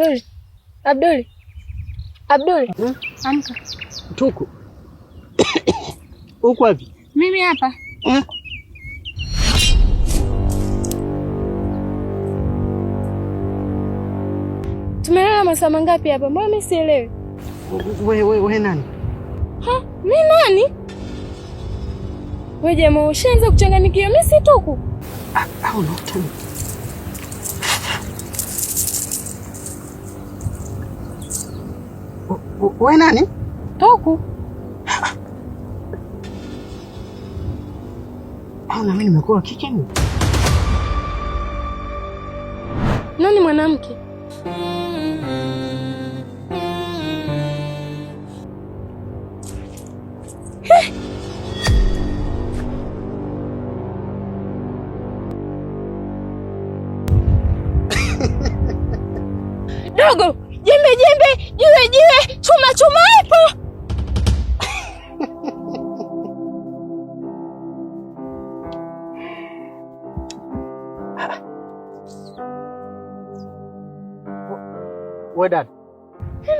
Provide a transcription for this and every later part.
Abduli, Abduli, Abduli, hmm? amka. Tuko uko wapi? Mimi hapa ha? Hmm? Tumelala masaa mangapi hapa? Mbona mimi sielewi? Wewe wewe we, nani? Ha, mimi nani? Wewe jamaa ushaanza kuchanganyikiwa, mimi si Tuku. Ah, au no Tuku. Wewe nani? Toku. Au ah, na mimi nimekuwa kike nini? Nani mwanamke? we dada?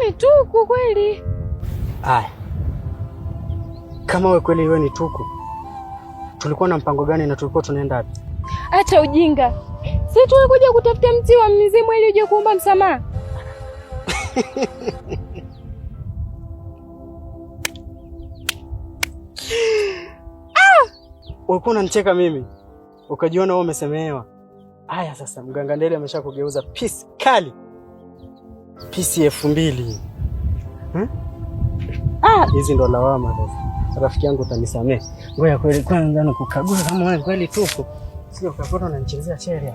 Ni tuku kweli? Aya, kama we kweli we ni tuku, tulikuwa na mpango gani na tulikuwa tunaenda wapi? Acha ujinga, si tulikuja kutafuta mti wa mzimu ili uje kuomba msamaha. Ah! Ulikuwa unanicheka mimi ukajiona wewe umesemewa. Haya sasa, mganga Ndele ameshakugeuza pisi kali pisi elfu mbili hmm? ah. hizi ndo lawama sasa. Rafiki yangu utanisamee, ngoja kweli kwanza nikukagua kama kweli tupo, sio kakona unanichezea sheria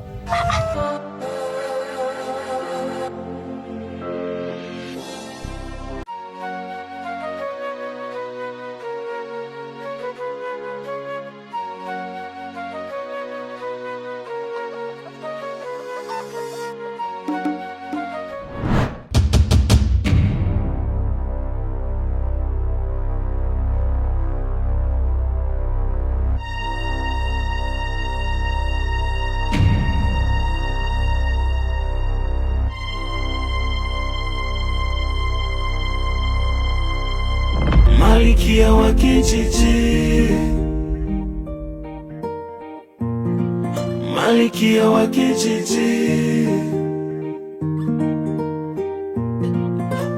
kijiji, malikia wa kijiji,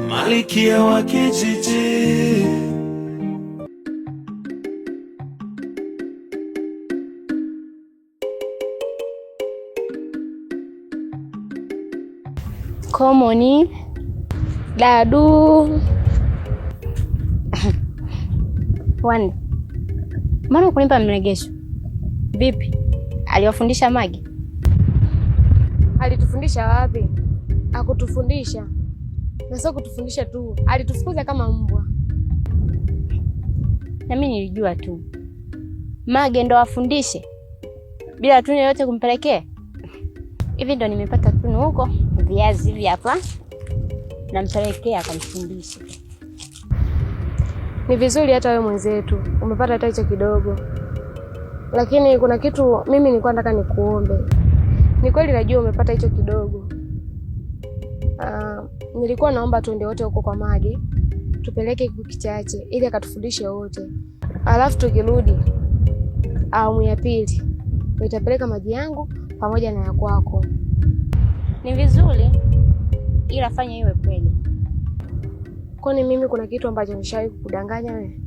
malikia wa kijiji. Komoni dadu Kwani maana kulipa mlegesho vipi? Aliwafundisha Magi? Alitufundisha wapi? Akutufundisha na sio kutufundisha tu, alitufukuza kama mbwa. Na mimi nilijua tu Mage ndo afundishe bila tunu yoyote kumpelekea. Hivi ndo nimepata tunu huko, viazi hivi hapa, nampelekea akamfundishe ni vizuri hata wewe mwenzetu umepata hata hicho kidogo, lakini kuna kitu mimi nilikuwa nataka nikuombe. Ni kweli najua umepata hicho kidogo. Uh, nilikuwa naomba tuende wote huko kwa maji tupeleke kitu kichache ili akatufundishe wote, alafu tukirudi awamu ya pili nitapeleka maji yangu pamoja na ya kwako. Ni vizuri, ila fanya iwe kweli. Kwani mimi kuna kitu ambacho nishawahi kukudanganya wewe?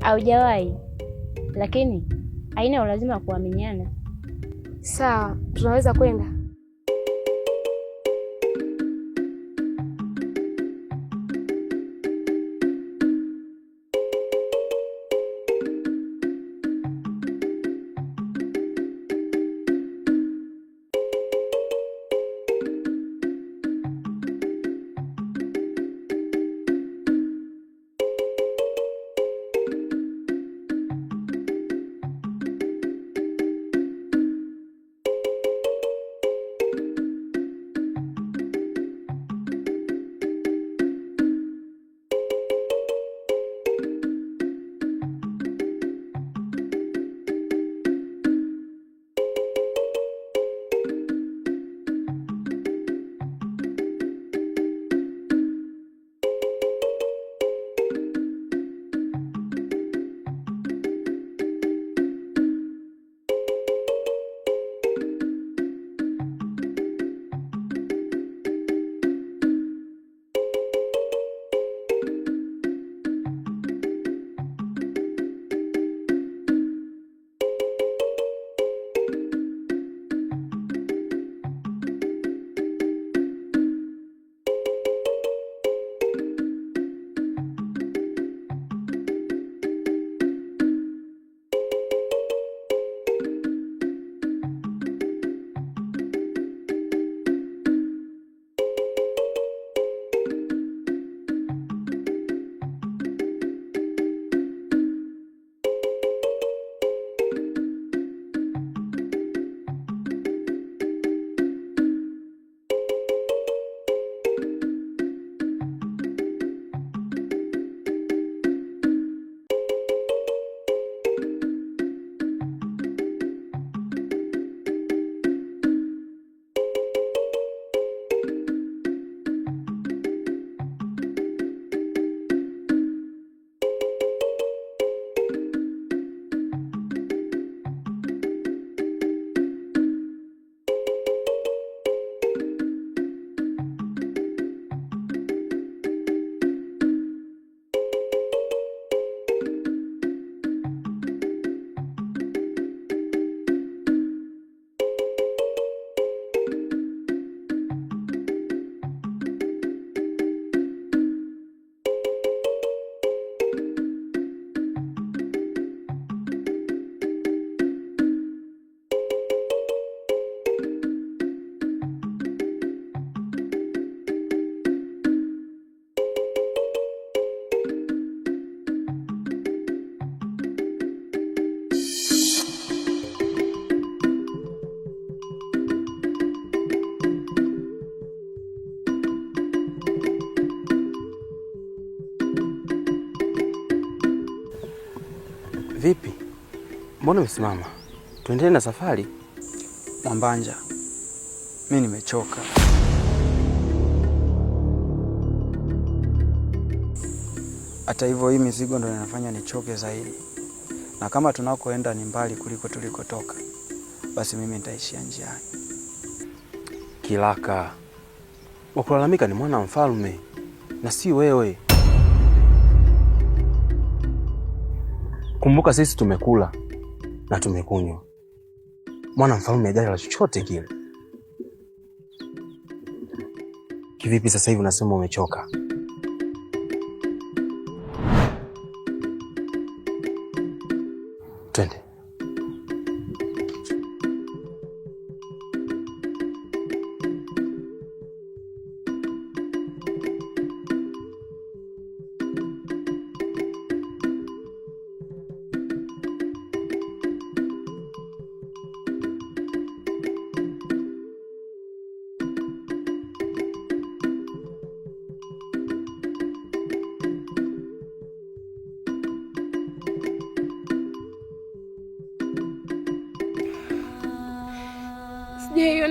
Haujawahi, lakini haina ulazima wa kuaminiana. Sawa, tunaweza kwenda. Mbona umesimama? Tuendelee na safari. Mwambanja, mimi nimechoka. Hata hivyo, hii mizigo ndio inafanya nichoke zaidi, na kama tunakoenda ni mbali kuliko tulikotoka, basi mimi nitaishia njiani. Kilaka, wakulalamika ni mwana mfalme na si wewe. Kumbuka sisi tumekula na tumekunywa. Mwana mfalme ajali la chochote kile. Kivipi sasa hivi unasema umechoka?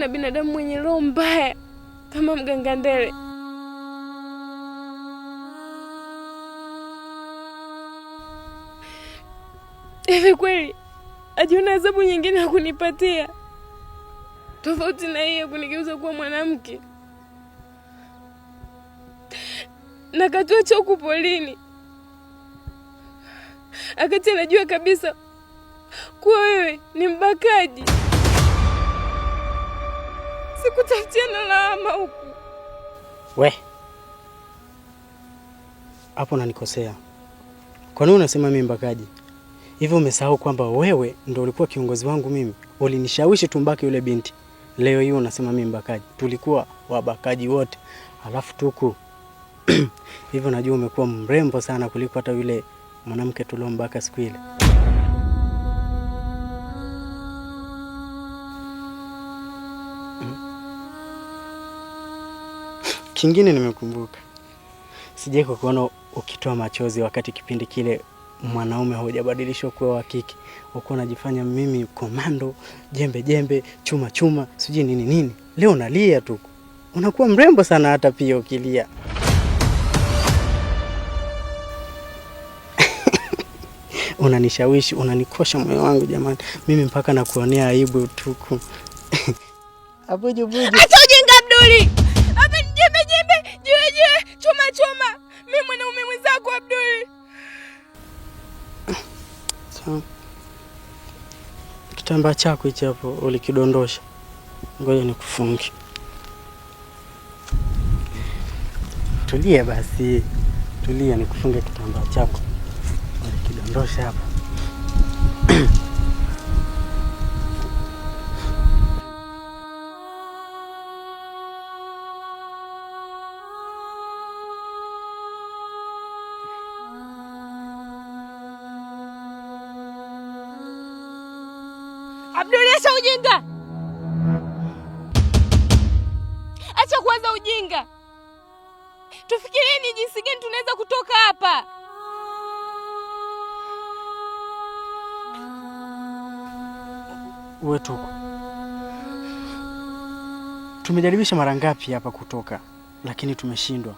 na binadamu mwenye roho mbaya kama mganga Ndele. Hivi kweli ajiona adhabu nyingine ya kunipatia tofauti na hiyo kunigeuza kuwa mwanamke na katua cha huku polini, akati anajua kabisa kuwa wewe ni mbakaji sikutafutia na lawama huku. We hapo nanikosea. Kwa nini unasema mimi mbakaji? Hivi umesahau kwamba wewe ndo ulikuwa kiongozi wangu mimi, ulinishawishi tumbaki yule binti. Leo hiyo unasema mimi mbakaji? Tulikuwa wabakaji wote, alafu tuku hivyo. Najua umekuwa mrembo sana kuliko hata yule mwanamke tuliombaka siku ile. Mm. Kingine nimekumbuka, sijai kwa kuona ukitoa machozi wakati kipindi kile mwanaume haujabadilishwa kuwa wa kike, ukuwa unajifanya mimi komando, jembe jembe, chuma chuma, sijui nini nini. Leo nalia tu, unakuwa mrembo sana, hata pia ukilia unanishawishi, unanikosha moyo wangu. Jamani, mimi mpaka nakuonea aibu tuku. Abuju buju, acha ujinga Abduli. Kitambaa chako hichi hapo ulikidondosha, ngoja nikufunge. Tulia basi, tulia nikufunge kitambaa chako ulikidondosha hapo. tufikirini jinsi gani tunaweza kutoka hapa. Wewe tumejaribisha mara ngapi hapa kutoka, lakini tumeshindwa,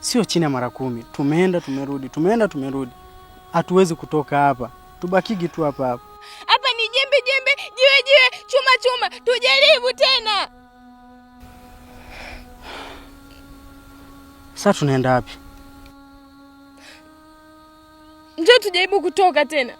sio chini ya mara kumi. Tumeenda tumerudi, tumeenda tumerudi, hatuwezi kutoka hapa, tubakigi tu hapa hapa. Hapa ni jembe jembe, jiwe jiwe, chuma chuma, tujaribu tena. Sasa tunaenda wapi? Njoo tujaribu kutoka tena.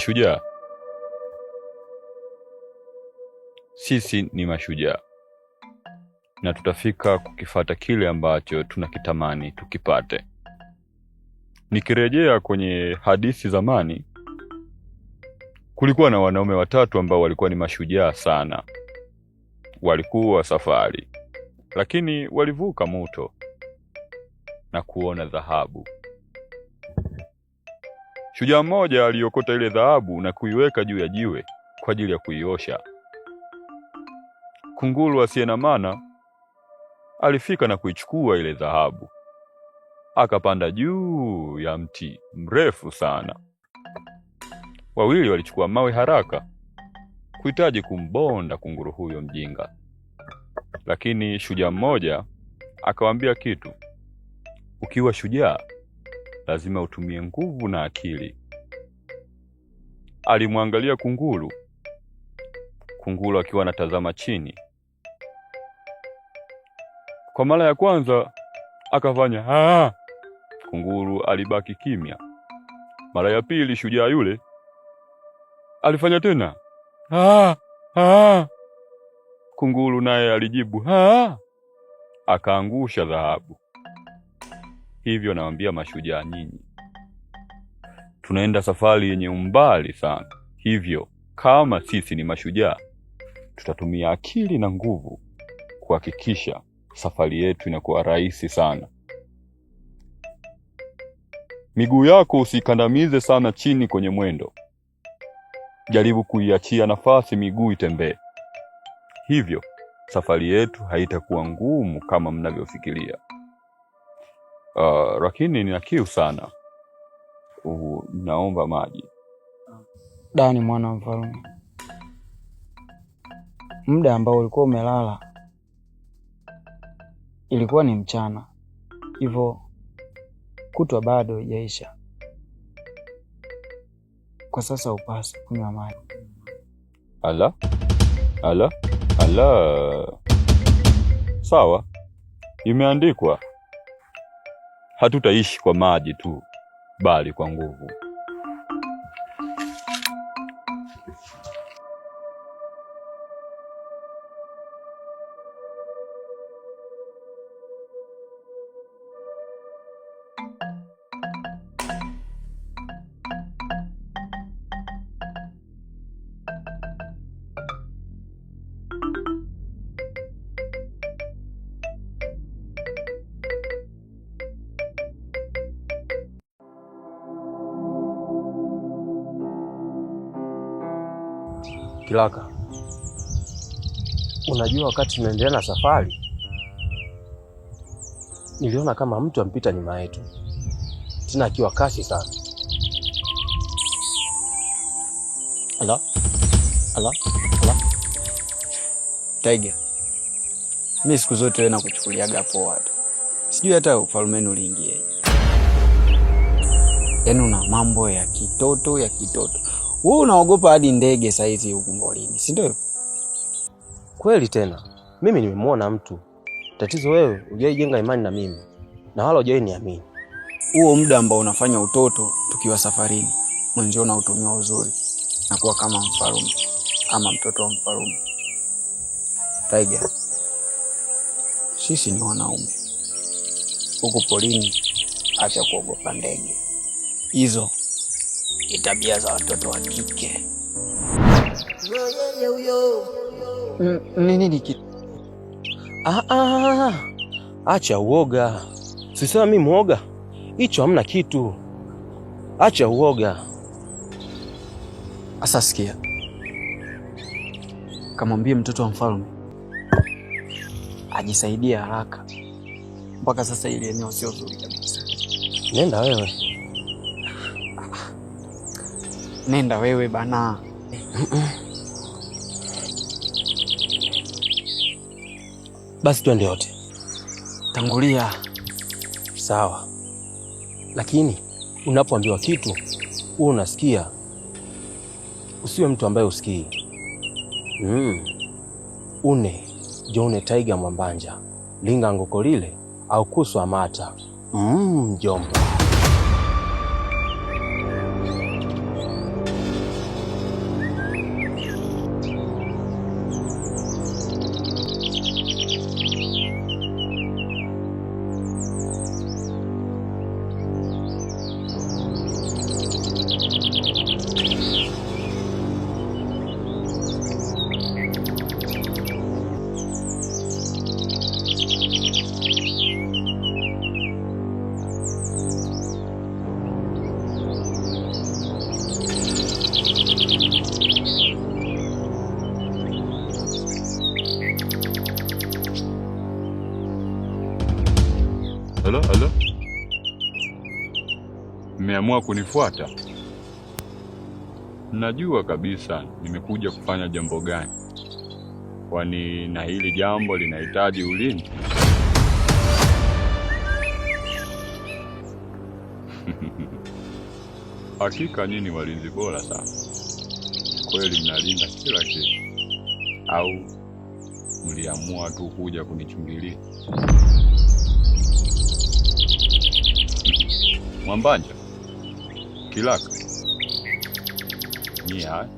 mashujaa. Sisi ni mashujaa na tutafika kukifata kile ambacho tunakitamani tukipate. Nikirejea kwenye hadithi zamani, kulikuwa na wanaume watatu ambao walikuwa ni mashujaa sana. Walikuwa safari, lakini walivuka mto na kuona dhahabu. Shujaa mmoja aliokota ile dhahabu na kuiweka juu ya jiwe kwa ajili ya kuiosha. Kunguru asiye na maana alifika na kuichukua ile dhahabu, akapanda juu ya mti mrefu sana. Wawili walichukua mawe haraka kuhitaji kumbonda kunguru huyo mjinga, lakini shujaa mmoja akawaambia kitu, ukiwa shujaa lazima utumie nguvu na akili. Alimwangalia kunguru, kunguru akiwa anatazama chini. Kwa mara ya kwanza akafanya haa. Kunguru alibaki kimya. Mara ya pili, shujaa yule alifanya tena haa, haa. Kunguru naye alijibu haa, akaangusha dhahabu. Hivyo nawaambia mashujaa nyinyi, tunaenda safari yenye umbali sana. Hivyo kama sisi ni mashujaa, tutatumia akili na nguvu kuhakikisha safari yetu inakuwa rahisi sana. Miguu yako usikandamize sana chini kwenye mwendo, jaribu kuiachia nafasi miguu itembee. Hivyo safari yetu haitakuwa ngumu kama mnavyofikiria uh, lakini nina kiu sana. Uh, naomba maji. Dani mwana mfalme, muda ambao ulikuwa umelala ilikuwa ni mchana, hivyo kutwa bado haijaisha. Kwa sasa upasi kunywa maji. Ala, ala, ala, sawa, imeandikwa hatutaishi kwa maji tu, bali kwa nguvu. Kilaka, unajua wakati tunaendelea na safari niliona kama mtu ampita nyuma yetu, tena akiwa kasi sana. Ala, ala, ala. Taiga, mi siku zote wewe nakuchukuliaga poa watu, sijui hata ufalumeni uliingiaje. Yaani una mambo ya kitoto ya kitoto wewe unaogopa hadi ndege hizi huku mbolini, si ndio? Kweli tena, mimi nimemwona mtu. Tatizo wewe hujai jenga imani na mimi na wala hujai niamini. Huo muda ambao unafanya utoto tukiwa safarini, mwenzio unautumia uzuri na kuwa kama mfarume ama mtoto wa mfarume. Tiger, sisi ni wanaume huku polini, acha kuogopa ndege hizo ni tabia za watoto wa kike. Nini ah, ah, ah, acha uoga, sisema mimi muoga, hicho hamna kitu. Acha uoga. Asa sikia, kamwambie mtoto wa mfalme ajisaidia haraka. Mpaka sasa ili eneo sio zuri kabisa. Nenda wewe nenda wewe bana. Basi twende wote. Tangulia. Sawa, lakini unapoambiwa kitu wewe unasikia, usiwe mtu ambaye usikii. Mm. une jone taiga mwambanja linga ngoko lile au kuswa mata. Mm, jombo Halo, halo, mmeamua kunifuata? Najua kabisa nimekuja kufanya jambo gani, kwani na hili jambo linahitaji ulinzi. Hakika nyinyi walinzi bora sana kweli, mnalinda kila kitu, au mliamua tu kuja kunichungilia? Mwambanja, Kilaka, Nyihai.